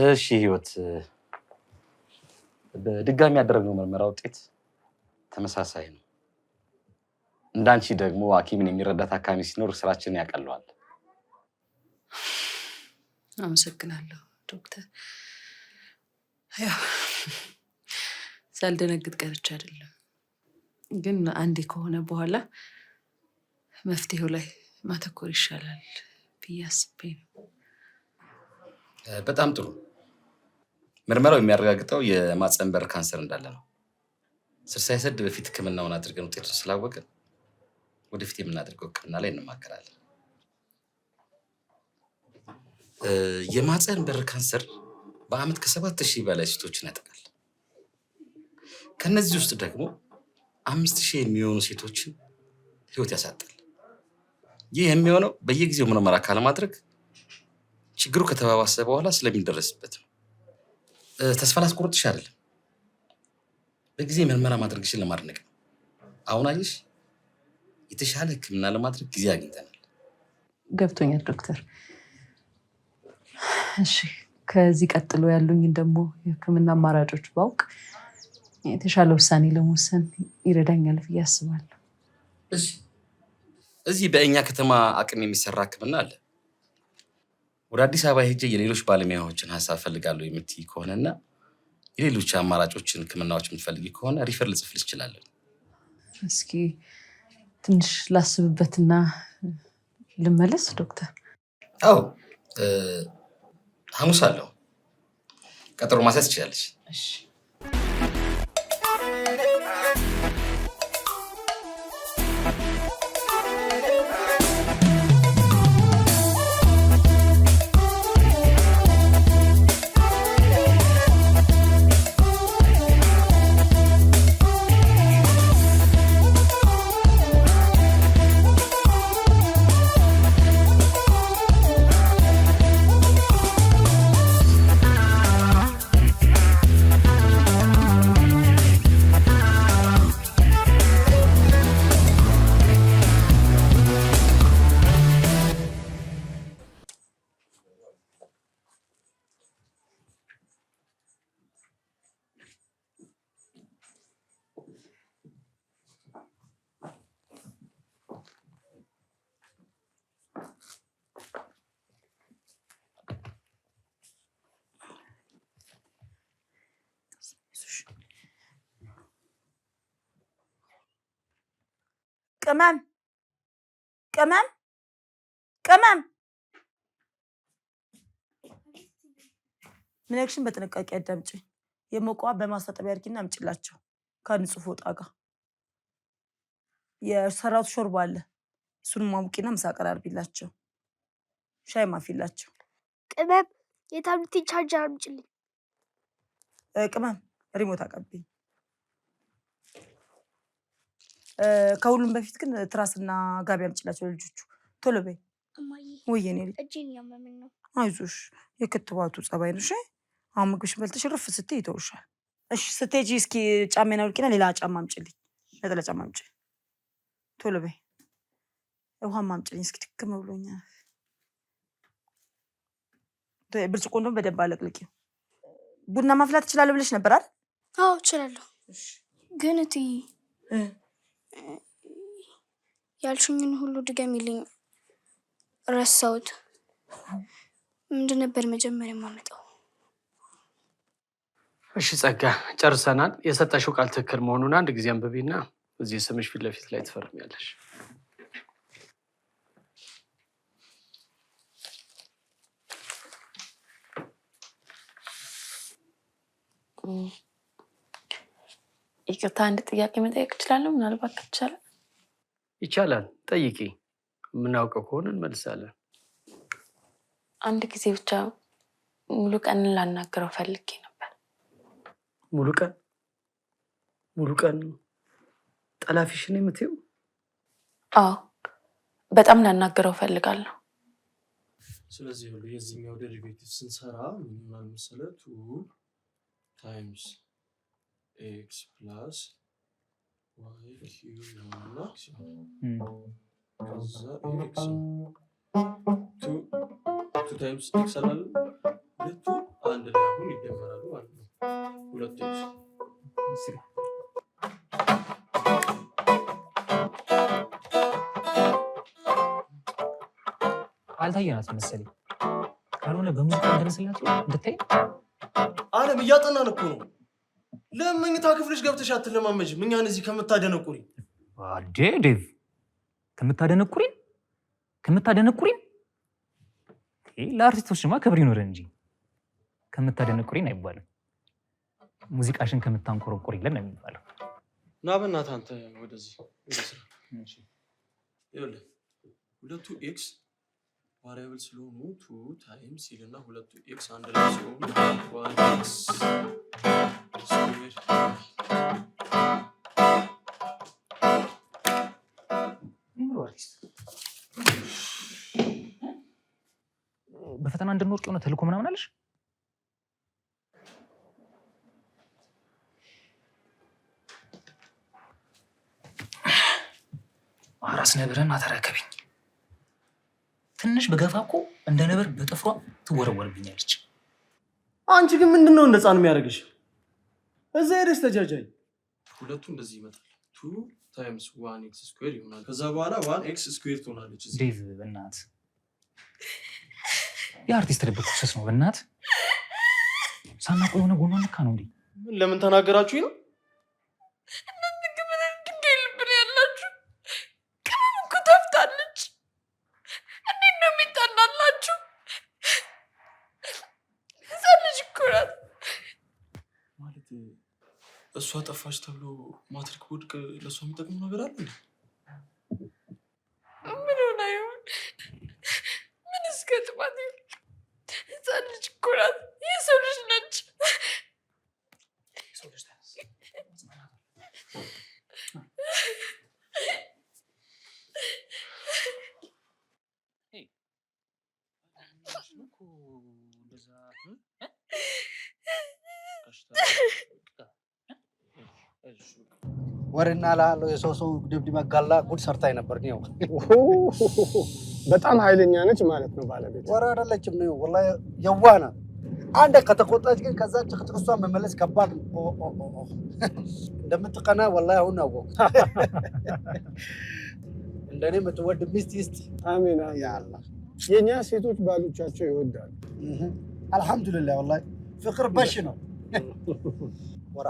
እሺ ህይወት፣ በድጋሚ ያደረግነው ምርመራ ውጤት ተመሳሳይ ነው። እንዳንቺ ደግሞ ሐኪምን የሚረዳት አካሚ ሲኖር ስራችንን ያቀለዋል። አመሰግናለሁ ዶክተር። ያው ሳልደነግጥ ቀርቼ አይደለም፣ ግን አንዴ ከሆነ በኋላ መፍትሄው ላይ ማተኮር ይሻላል ብዬ አስቤ ነው። በጣም ጥሩ ምርመራው የሚያረጋግጠው የማጸንበር በር ካንሰር እንዳለ ነው። ስር ሳይሰድ በፊት ህክምናውን አድርገን ውጤቱን ስላወቅን ወደፊት የምናደርገው ህክምና ላይ እንማከራለን። የማህጸን በር ካንሰር በአመት ከሰባት ሺህ በላይ ሴቶችን ያጠቃል። ከነዚህ ውስጥ ደግሞ አምስት ሺህ የሚሆኑ ሴቶችን ህይወት ያሳጣል። ይህ የሚሆነው በየጊዜው ምርመራ ካለማድረግ ችግሩ ከተባባሰ በኋላ ስለሚደረስበት ነው። ተስፋ ላስቆርጥሽ አይደለም፣ በጊዜ ምርመራ ማድረግሽን ለማድነቅ አሁን አየሽ፣ የተሻለ ሕክምና ለማድረግ ጊዜ አግኝተናል። ገብቶኛል ዶክተር። እሺ ከዚህ ቀጥሎ ያሉኝን ደግሞ የሕክምና አማራጮች ባውቅ የተሻለ ውሳኔ ለመወሰን ይረዳኛል ብዬ አስባለሁ። እዚህ በእኛ ከተማ አቅም የሚሰራ ሕክምና አለ ወደ አዲስ አበባ ሄጄ የሌሎች ባለሙያዎችን ሀሳብ ፈልጋለሁ የምትይ ከሆነና የሌሎች አማራጮችን ህክምናዎች የምትፈልግ ከሆነ ሪፈር ልጽፍል እችላለሁ። እስኪ ትንሽ ላስብበትና ልመለስ ዶክተር። አዎ ሐሙስ አለው ቀጠሮ ማስያዝ ትችላለች። ቅመም ቅመም ቅመም ምን ያክሽን በጥንቃቄ አዳምጪ። የሞቀዋ በማስታጠቢያ አድርጊና አምጪላቸው ከንጹህ ፎጣ ጋር የሰራት ሾርባ አለ። እሱን ማሙቂና ምሳ አቀራርቢላቸው፣ ሻይ ማፊላቸው። ቅመም የታብሌት ቻርጀር አምጪልኝ። ቅመም ሪሞት አቀብኝ። ከሁሉም በፊት ግን ትራስና ጋቢ አምጪላቸው ልጆቹ። ቶሎ በይ ውይ፣ አይዞሽ፣ የክትባቱ ጸባይ ነው። አሁን ምግብሽን በልተሽ እርፍ ስትይ ይተውሻል። እሺ፣ ስትሄጂ እስኪ ጫሜን አውልቂና ሌላ ጫማ አምጪልኝ፣ ነጠላ ጫማ አምጪ። ቶሎ በይ፣ ውሃም አምጪልኝ እስኪ፣ ትክም ብሎኛል። ብርጭቆ እንደውም በደንብ አለቅልቂው። ቡና ማፍላት እችላለሁ ብለሽ ነበር አይደል? አዎ እችላለሁ፣ ግን እትዬ ያልሽኝን ሁሉ ይልኝ ረሳውት። ምንድን ነበር መጀመሪያ የማመጣው? እሺ ጸጋ፣ ጨርሰናል። የሰጠሽው ቃል ትክክል መሆኑን አንድ ጊዜ አንብቢና እዚህ ስምሽ ፊት ለፊት ላይ ትፈርሚያለሽ። ይቅርታ አንድ ጥያቄ መጠየቅ እችላለሁ? ምናልባት ይቻላል? ይቻላል፣ ጠይቂ። የምናውቀው ከሆነ እንመልሳለን። አንድ ጊዜ ብቻ ሙሉ ቀንን ላናገረው ፈልጌ ነበር። ሙሉ ቀን ሙሉ ቀን ጠላፊሽን የምትይው? አዎ፣ በጣም ላናገረው ፈልጋለሁ። ስለዚህ ሁሉ የዚህኛው ደሪቬቲቭ ስንሰራ ምናምን መሰለቱ ታይምስ x plus y ኪዩብ ይሆናል hmm. x ከዛ ኤክስ ቱ ቱ ታይምስ ኤክስ አላለ ሁለቱ አንድ ላይ አሁን ይደመራሉ ማለት ነው። ሁለቱ አልታየናት መሰለኝ። ካልሆነ በሙዚቃ እንደረስላቸው እንድታይ አለም እያጠናን እኮ ነው ለመኝታ ክፍልሽ ገብተሽ አትለማመጅም? እኛን እዚህ ከምታደነቁሪ አዴ ዴቭ፣ ከምታደነቁሪን ከምታደነቁሪን ለአርቲስቶችማ ክብር ይኖር እንጂ ከምታደነቁሪን አይባልም። ሙዚቃሽን ከምታንቆረቆሪ ለን ነው የሚባለው። ና በእናትህ አንተ ወደዚህ ሁለቱ ኤክስ ቫሪያብል ስለሆኑ ቱ ታይምስ ሲልና ሁለቱ ኤክስ አንድ ላይ ሲሆኑ ዋን ኤክስ ስኩዌር በፈተና እንድንወርቅ የሆነ ተልእኮ ምናምን አለሽ? አራስ ነግረን አተረከብኝ ትንሽ በገፋ እኮ እንደ ነበር በጥፍሯ ትወረወርብኛለች። አንቺ ግን ምንድን ነው እንደጻ ነው የሚያደርግሽ? እዛ ሄደሽ ተጃጃይ። ሁለቱ እንደዚህ ይመጣል። ቱ ታይምስ ዋን ኤክስ ስኩዌር ይሆናል። ከዛ በኋላ ዋን ኤክስ ስኩዌር ትሆናለች። ዴቭ በእናት የአርቲስት ልብ ኩስስ ነው በእናት ሳናቆ የሆነ ጎኗ ነካ ነው እንዴ? ለምን ተናገራችሁ ነው እሷ ጠፋች ተብሎ ማትሪክ ቦድቅ ለእሷ የሚጠቅሙ ነገር አለ? ወሬና ላለው የሰው ሰው ድብድብ መጋላ ጉድ ሰርታ ነበር። ነው በጣም ኃይለኛ ነች ማለት ነው ባለቤት። ወሬ አይደለችም ነው ወላሂ የዋና አንድ ከተቆጣች ግን ከዛ ጭቅጭቅሷ መመለስ ከባድ እንደምትቀና ወላሂ አሁን አወቅሁ። እንደኔ የምትወድ ሚስት ይስጥ። አሜን። የእኛ ሴቶች ባሎቻቸው ይወዳሉ። አልሐምዱሊላህ ወላሂ ፍቅር በሽ ነው።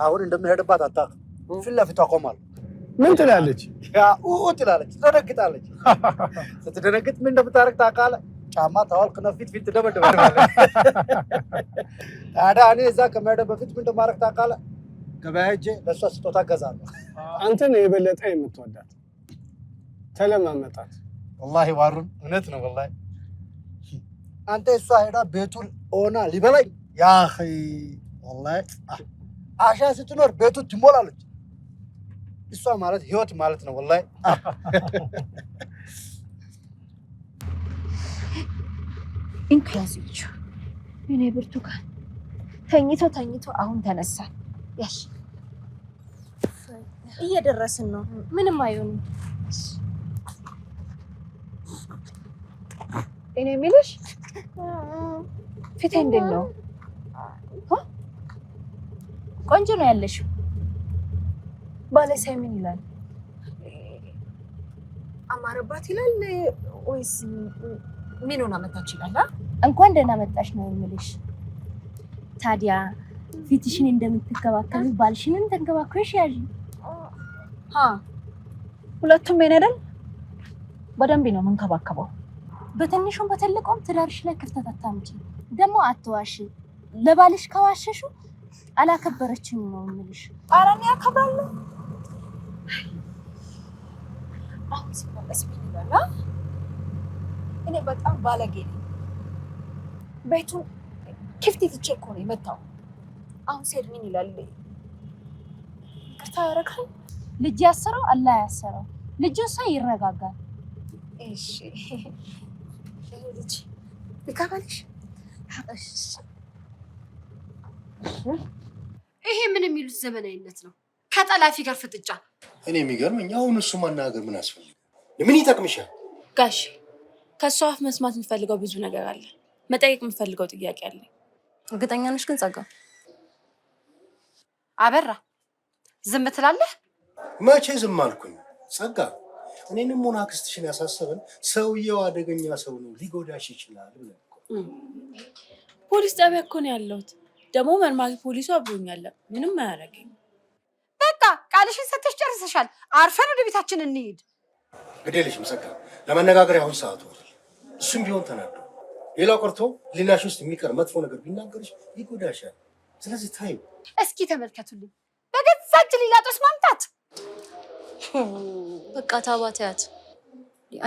አሁን እንደምሄድባት አታውቅም ፊት ለፊቷ ቆማለሁ። ምን ትላለች? ትላለች፣ ትደነግጣለች። ስትደነግጥ ምን እንደምታደርግ ታውቃለህ? ጫማ ታወልቅና ፊት ፊት ትደበድበድባለህ። ታዲያ እኔ እዛ ከመሄድ በፊት ምን እንደማደርግ ታውቃለህ? ገበያ ሂጅ፣ ለእሷ ስጦታ እገዛለሁ። አንተን የበለጠ የምትወዳት ተለማመጣት። ወላሂ ዋሩን፣ እውነት ነው ወላሂ። አንተ እሷ ሄዳ ቤቱን ሆና ሊበላኝ ያ ወላሂ። አሻ ስትኖር ቤቱ ትሞላለች። እሷ ማለት ህይወት ማለት ነው። ወላሂ እንክላሲቹ እኔ ብርቱካን ተኝቶ ተኝቶ አሁን ተነሳ ያሽ እየደረስን ነው። ምንም አይሆንም። እኔ የሚልሽ ፊቴ እንዴት ነው? ቆንጆ ነው ያለሽው ባለ ሳይ ምን ይላል? አማረባት ይላል ወይስ ምን ሆና መጣች ይላል? እንኳን ደህና መጣሽ ነው የምልሽ። ታዲያ ፊትሽን እንደምትንከባከቢ ባልሽንም ተንከባክበሽ ያዥ። ሁለቱም ሜን አይደል? በደንብ ነው የምንከባከበው። በትንሹም በትልቁም ትዳርሽ ላይ ክፍተት አታምጪ። ደግሞ አትዋሽ። ለባልሽ ከዋሸሹ አላከበረችኝ ነው የምልሽ። ኧረ እኔ አከብራለሁ። አሁን ሲመለስ ምን እኔ በጣም ባለጌ ነኝ። ቤቱን ክፍት ትቼ እኮ ነው የመጣው። አሁን ሲሄድ ምን ይላል? ይቅርታ ያደርጋል? ልጅ ያሰረው አላህ ያሰረው ልጁ እሷ ይረጋጋል። እሺ ልጅ ይሄ ምን የሚሉት ዘመናዊነት ነው? ከጠላፊ ጋር ፍጥጫ። እኔ የሚገርመኝ አሁን እሱ ማናገር ምን አስፈልግ? ምን ይጠቅምሻል? ጋሽ ከእሱ አፍ መስማት የምፈልገው ብዙ ነገር አለ። መጠየቅ የምፈልገው ጥያቄ አለ። እርግጠኛ ነሽ ግን ጸጋ? አበራ ዝም ትላለህ? መቼ ዝም አልኩኝ ጸጋ። እኔንም ሆነ አክስትሽን ያሳሰብን ሰውየው አደገኛ ሰው ነው፣ ሊጎዳሽ ይችላል ፖሊስ ጣቢያ እኮ ነው ያለሁት። ደግሞ መርማሪ ፖሊሱ አብሮኛል፣ ምንም አያደርገኝም። ቃልሽን ሰተሽ ጨርሰሻል። አርፈን ወደ ቤታችን እንሂድ። ግዴለሽ ምስጋ፣ ለመነጋገር አሁን ሰዓቱ እሱም ቢሆን ተናዶ ሌላው ቀርቶ ሌላሽ ውስጥ የሚቀር መጥፎ ነገር ቢናገርሽ ይጎዳሻል። ስለዚህ ታይ እስኪ ተመልከቱልኝ፣ በገዛች እጅ ሌላ ጦስ ማምጣት። በቃ ታባትያት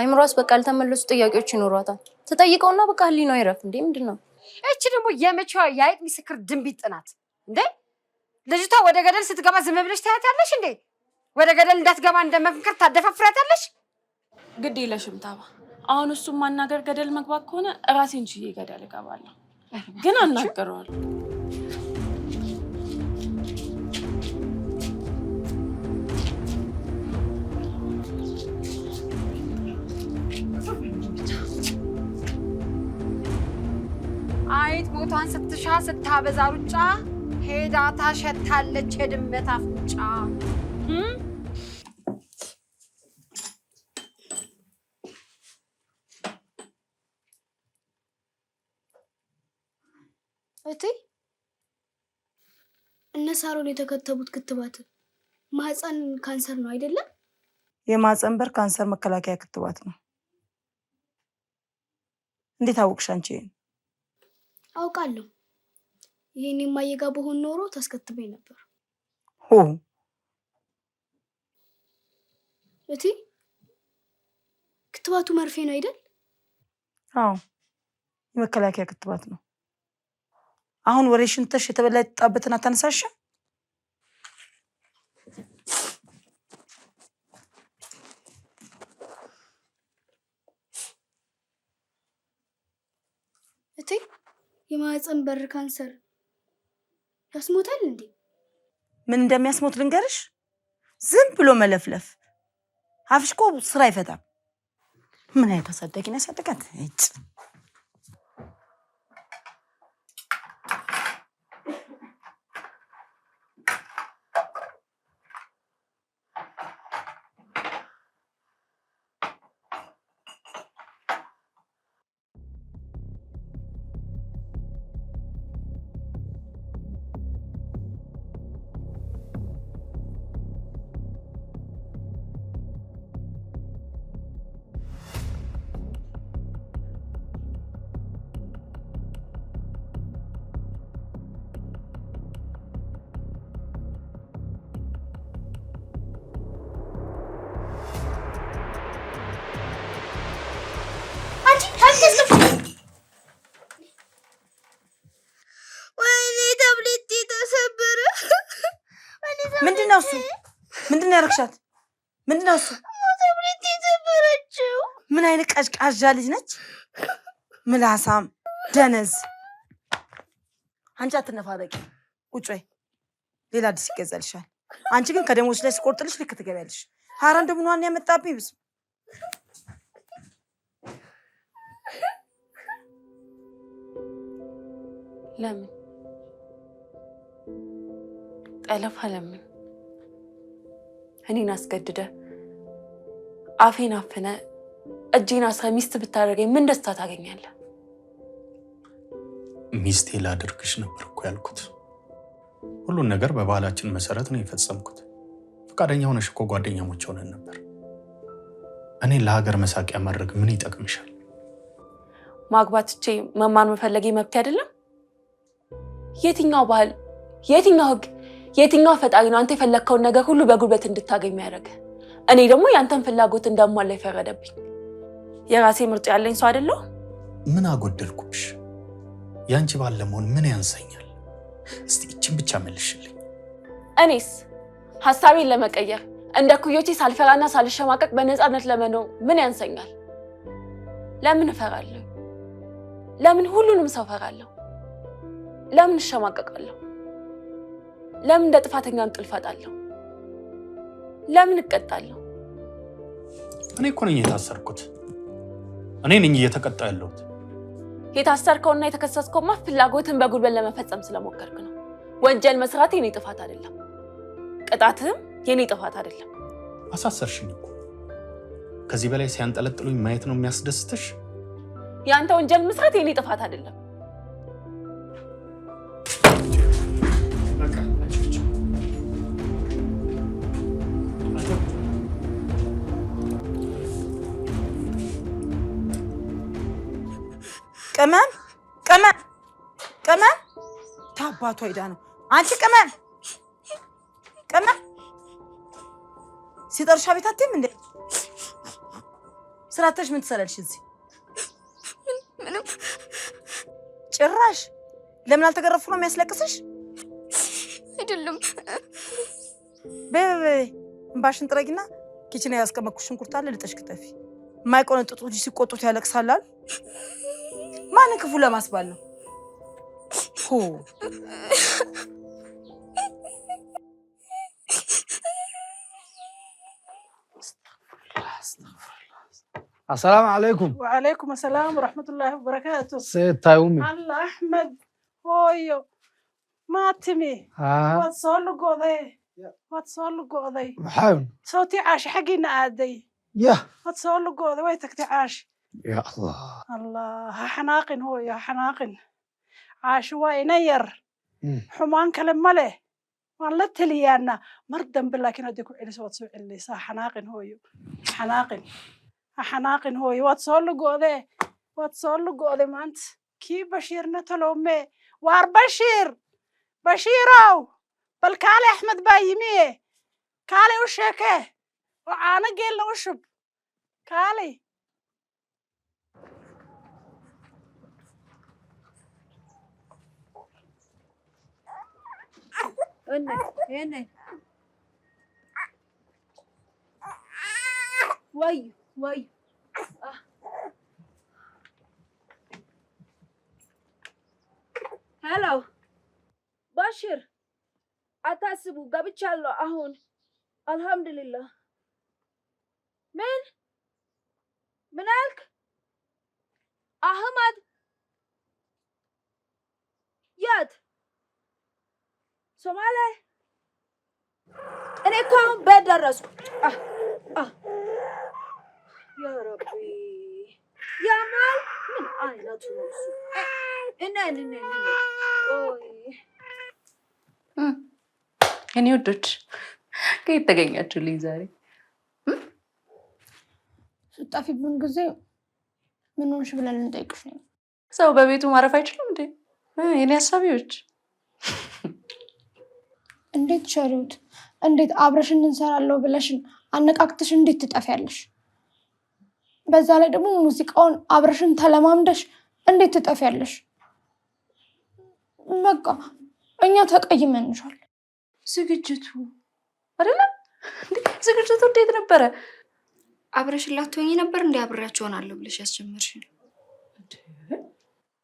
አይምሯስ በቃ ያልተመለሱ ጥያቄዎች ይኖሯታል። ተጠይቀውና በቃ ህሊናው ይረፍ እንዴ። ምንድን ነው እቺ ደግሞ የመቼዋ የአይጥ ምስክር ድንቢጥ ናት እንዴ? ልጅቷ ወደ ገደል ስትገባ ዝም ብለሽ ታያታለሽ እንዴ? ወደ ገደል እንዳትገባ እንደመክንከር ታደፋፍራታለሽ። ግድ የለሽም ታባ። አሁን እሱም ማናገር ገደል መግባት ከሆነ ራሴን ችዬ ገደል እገባለሁ፣ ግን አናገረዋል። አይት ቦታን ስትሻ ስታበዛ ሩጫ ሄዳ ታሸታለች የድመት አፍንጫ። እቴ እነ ሳሮን የተከተቡት ክትባት ማህፀን ካንሰር ነው አይደለም? የማህፀን በር ካንሰር መከላከያ ክትባት ነው። እንዴት አወቅሽ አንቺ? አውቃለሁ ይህን የማየጋ በሆን ኖሮ ታስከትበኝ ነበር። ሆ እቲ ክትባቱ መርፌ ነው አይደል? አዎ የመከላከያ ክትባት ነው። አሁን ወሬ ሽንተሽ የተበላ የተጣበትን አታነሳሽ። እቲ የማህፀን በር ካንሰር ያስሞታል እንዴ? ምን እንደሚያስሞት ልንገርሽ? ዝም ብሎ መለፍለፍ። አፍሽኮ ስራ አይፈታም። ምን አይነት አሳዳጊ ነው ያሳደጋት? ምንድን ነው እሱ? ምንድን ነው ያረግሻት? ምንድን ነው እሱ? ምን አይነት ቀዥቃዣ ልጅ ነች? ምላሳም ደነዝ። አንቺ አትነፋረቂ፣ ቁጭ በይ። ሌላ አዲስ ይገዛልሻል። አንቺ ግን ከደሞች ላይ ስቆርጥልሽ ልክ ትገቢያለሽ። ሀራ እንደምን ዋን ያመጣብኝ ብዙ ለምን ጠለፍ አለምን እኔን አስገድደ አፌን አፍነ እጄን አስረ ሚስት ብታደርገኝ ምን ደስታ ታገኛለህ? ሚስቴ ላደርግሽ ነበር እኮ ያልኩት። ሁሉን ነገር በባህላችን መሰረት ነው የፈጸምኩት። ፈቃደኛ ሆነሽ እኮ ጓደኛሞች ሆነን ነበር። እኔ ለሀገር መሳቂያ ማድረግ ምን ይጠቅምሻል? ማግባት እቼ መማር መፈለጌ መብት አይደለም? የትኛው ባህል የትኛው ህግ የትኛው ፈጣሪ ነው አንተ የፈለግከውን ነገር ሁሉ በጉልበት እንድታገኝ ያደረገ? እኔ ደግሞ ያንተን ፍላጎት እንዳሟላ የፈረደብኝ። የራሴ ምርጡ ያለኝ ሰው አይደለሁ? ምን አጎደልኩብሽ? ያንቺ ባለመሆን ምን ያንሰኛል? እስቲ እችን ብቻ መልሽልኝ። እኔስ ሀሳቤን ለመቀየር እንደ ኩዮቼ ሳልፈራና ሳልሸማቀቅ በነፃነት ለመኖር ምን ያንሰኛል? ለምን እፈራለሁ? ለምን ሁሉንም ሰው እፈራለሁ? ለምን እሸማቀቃለሁ? ለምን እንደ ጥፋተኛ እንቅልፍ አጣለሁ? ለምን እቀጣለሁ? እኔ እኮ ነኝ የታሰርኩት። እኔ ነኝ እየተቀጣ ያለሁት። የታሰርከውና የተከሰስከውማ ፍላጎትን በጉልበት ለመፈጸም ስለሞከርክ ነው። ወንጀል መስራት የኔ ጥፋት አይደለም፣ ቅጣትህም የኔ ጥፋት አይደለም። አሳሰርሽኝ እኮ። ከዚህ በላይ ሲያንጠለጥሉኝ ማየት ነው የሚያስደስትሽ? የአንተ ወንጀል መስራት የኔ ጥፋት አይደለም። ቅመም ቅመም ቅመም ታባቱ አይዳ ነው። አንቺ ቅመም ቅመም ሲጠርሻ ቤት አትይም እንዴ? ስራተሽ ምን ትሰራልሽ እዚህ? ምንም ጭራሽ ለምን አልተገረፉ ነው የሚያስለቅስሽ? አይደለም በበበ እምባሽን ጥረጊና ኪችን ያስቀመጥኩሽ ሽንኩርት አለ ልጠሽ ክተፊ። የማይቆነጥጡት ልጅ ሲቆጡት ያለቅሳላል። ማንን ክፉ ለማስባል ነው? አሰላም አለይኩም። ወአለይኩም ሰላም ወረሕመቱላሂ ወበረካቱ። ሴታይ ኡሚ አላ አሕመድ ሆዮ ማትሜ waad soo lugoday waad soo lugoday maxaa sawti caashi xaggiina aaday ya waad soo lugoday way tagtay caashi ya allah allah ha xanaaqin hooyo ha xanaaqin caasho waa ina yar hmm. xumaan kale ma leh waan la teliyaana mar dambe laakiin hadday ku celiso waad soo celinaysaa ha xanaaqin hooyo ha xanaaqin ha xanaaqin hooyo waad soo lugoodee waad soo lugoode maanta kii bashiirna taloomee waar bashiir bashiirow bal kaale axmed baa yimiye kaale u sheeke oo caano geelna u shub kaaley ወይ ወይ ሄሎ ባሽር አታስቡ፣ ገብቻለሁ አሁን አልሐምዱሊላህ። ምን ምን አልክ አህመድ? የት ሶማሌ እኔ እኮ አሁን በደረስኩ። ያ እኔ ወዶች ከየት ተገኛችሁልኝ ዛሬ? ስጠፊብን ጊዜ ምን ሆንሽ ብለን ልንጠይቅሽ ነው። ሰው በቤቱ ማረፍ አይችልም እንዴ? የኔ አሳቢዎች እንዴት ሸሪውት፣ እንዴት አብረሽን እንሰራለው ብለሽን አነቃቅተሽ እንዴት ትጠፊያለሽ? በዛ ላይ ደግሞ ሙዚቃውን አብረሽን ተለማምደሽ እንዴት ትጠፊያለሽ? በቃ እኛ ተቀይመንሻል። ዝግጅቱ አይደለም ዝግጅቱ እንዴት ነበረ? አብረሽን ላትሆኚ ነበር እንዲ አብሬያቸው ሆናለሁ ብለሽ ያስጀመርሽን?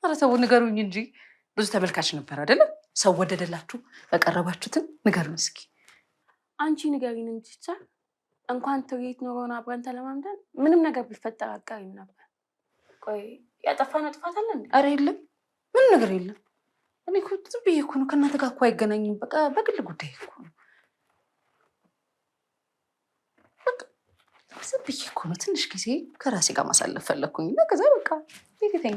ኧረ ተው ንገሩኝ እንጂ ብዙ ተመልካች ነበር አይደለም? ሰው ወደደላችሁ ያቀረባችሁትን ንገሩን እስኪ። አንቺ ንገሪን እንጂ ይቻል እንኳን ትርኢት ኖሮን አብረን ተለማምደን ምንም ነገር ቢፈጠር አቀሪም ነበር። ቆይ ያጠፋነው ጥፋት አለ አረ የለም፣ ምን ነገር የለም። እኔ እኮ ዝም ብዬ እኮ ነው። ከእናንተ ጋር እኮ አይገናኝም። በቃ በግል ጉዳይ እኮ ነው። ዝም ብዬ እኮ ነው። ትንሽ ጊዜ ከራሴ ጋር ማሳለፍ ፈለግኩኝ እና ከዛ በቃ ቤት ተኛ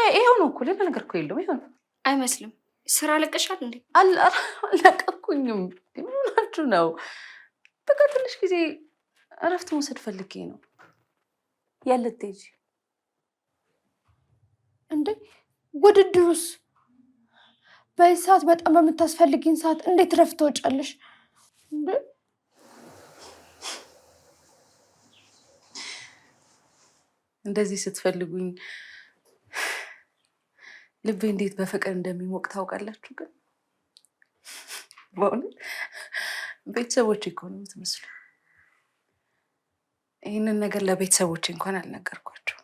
በቃ ይሄው ነው እኮ ሌላ ነገር እኮ የለውም። ይሄው ነው አይመስልም። ስራ ለቀሻል እንዴ? አለቀኩኝም። ምናችሁ ነው? በቃ ትንሽ ጊዜ እረፍት መውሰድ ፈልጌ ነው። ያለት ጅ እንዴ ውድድሩስ? በዚህ ሰዓት በጣም በምታስፈልግኝ ሰዓት እንዴት እረፍት ትወጫለሽ? እንደዚህ ስትፈልጉኝ ልቤ እንዴት በፍቅር እንደሚሞቅ ታውቃላችሁ። ግን በእውነት ቤተሰቦች እኮ ነው የምትመስሉ። ይህንን ነገር ለቤተሰቦች እንኳን አልነገርኳቸው፣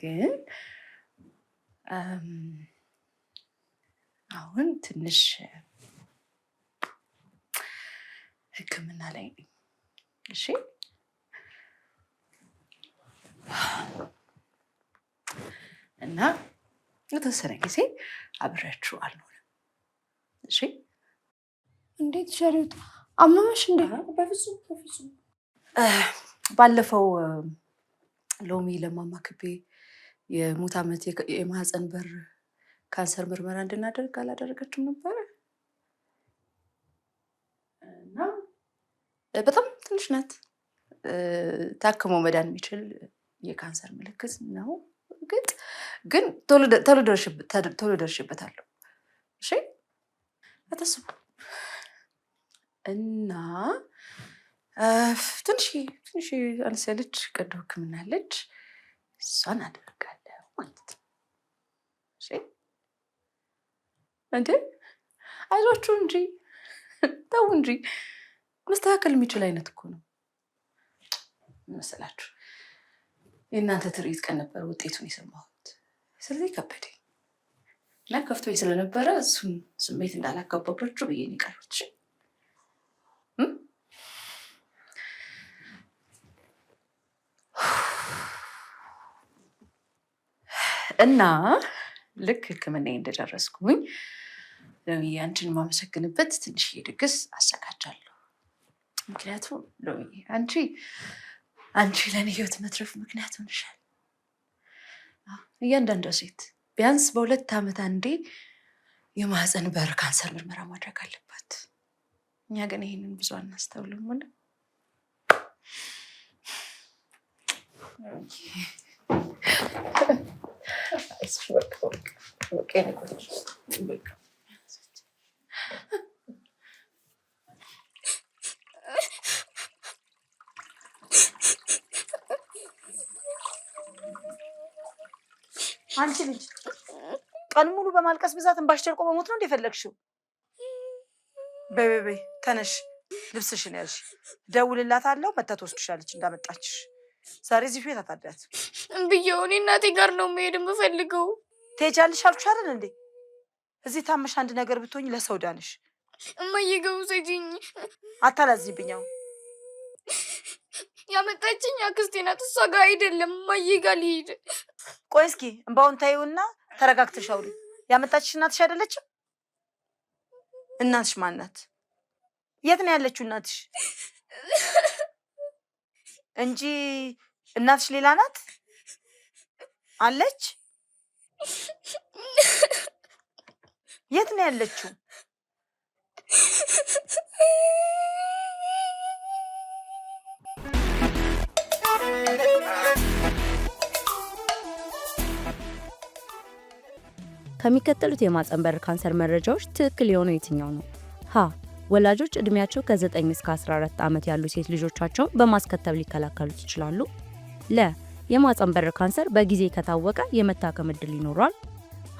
ግን አሁን ትንሽ ሕክምና ላይ ነኝ። እሺ እና የተወሰነ ጊዜ አብሬያችሁ አልኖርም። እሺ። እንዴት ሸሪቱ አመመሽ እንዴ? በፍጹም በፍጹም። ባለፈው ሎሚ ለማማክቤ የሙት ዓመት የማህፀን በር ካንሰር ምርመራ እንድናደርግ አላደረገችም ነበረ እና በጣም ትንሽ ናት ታክሞ መዳን የሚችል የካንሰር ምልክት ነው። እርግጥ ግን ቶሎ ደርሽበታለሁ። እሺ አተስቡ እና ትንሽ ትንሽ አነስ ያለች ቀዶ ሕክምና አለች። እሷን አደርጋለሁ ማለት ነው። እንዴ አይዟችሁ እንጂ ተው እንጂ መስተካከል የሚችል አይነት እኮ ነው መስላችሁ የእናንተ ትርኢት ቀን ነበር ውጤቱን የሰማሁት። ስለዚህ ከበደኝ እና ከፍቶኝ ስለነበረ እሱን ስሜት እንዳላጋባባችሁ ብዬ ነው እና ልክ ሕክምና እንደደረስኩኝ ሎሚዬ አንቺን የማመሰግንበት ትንሽዬ ድግስ አዘጋጃለሁ። ምክንያቱም ሎሚዬ አንቺ አንቺ ለእኔ ህይወት መትረፍ ምክንያት ሆንሻል። እያንዳንዷ ሴት ቢያንስ በሁለት ዓመት አንዴ የማህፀን በር ካንሰር ምርመራ ማድረግ አለባት። እኛ ግን ይህንን ብዙ አናስተውልም። ሆነ አንቺ ልጅ ቀን ሙሉ በማልቀስ ብዛት እንባሽ ደርቆ በሞት ነው እንደፈለግሽው። በይ በይ በይ ተነሽ፣ ልብስሽን ያልሽ ደውልላት አለው። መታ ትወስድሻለች እንዳመጣችሽ። ዛሬ እዚህ ቤት አታድያት ብዬሽ እኔ እናቴ ጋር ነው መሄድ የምፈልገው። ትሄጃለሽ አልኩሽ አይደል እንዴ? እዚህ ታመሽ አንድ ነገር ብትሆኝ ለሰው ዳንሽ። እማዬ ገቡ አታላዝኝብኛው ያመጣችኝ አክስቴ ናት። እሷ ጋር አይደለም እማዬ ጋር ቆይ እስኪ እንባውን ታዩና ተረጋግተሽ አውሪ። ያመጣችሽ እናትሽ አይደለችም? እናትሽ ማን ናት? የት ነው ያለችው እናትሽ? እንጂ እናትሽ ሌላ ናት አለች። የት ነው ያለችው? ከሚከተሉት የማህጸን በር ካንሰር መረጃዎች ትክክል የሆነው የትኛው ነው? ሀ ወላጆች እድሜያቸው ከ9 እስከ 14 ዓመት ያሉ ሴት ልጆቻቸውን በማስከተብ ሊከላከሉት ይችላሉ። ለ የማህጸን በር ካንሰር በጊዜ ከታወቀ የመታከም ዕድል ይኖሯል።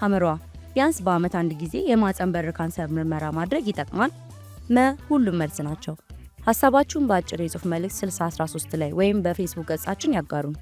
ሐመሯ ቢያንስ በዓመት አንድ ጊዜ የማህጸን በር ካንሰር ምርመራ ማድረግ ይጠቅማል። መ ሁሉም መልስ ናቸው። ሀሳባችሁን በአጭር የጽሁፍ መልእክት 6013 ላይ ወይም በፌስቡክ ገጻችን ያጋሩን።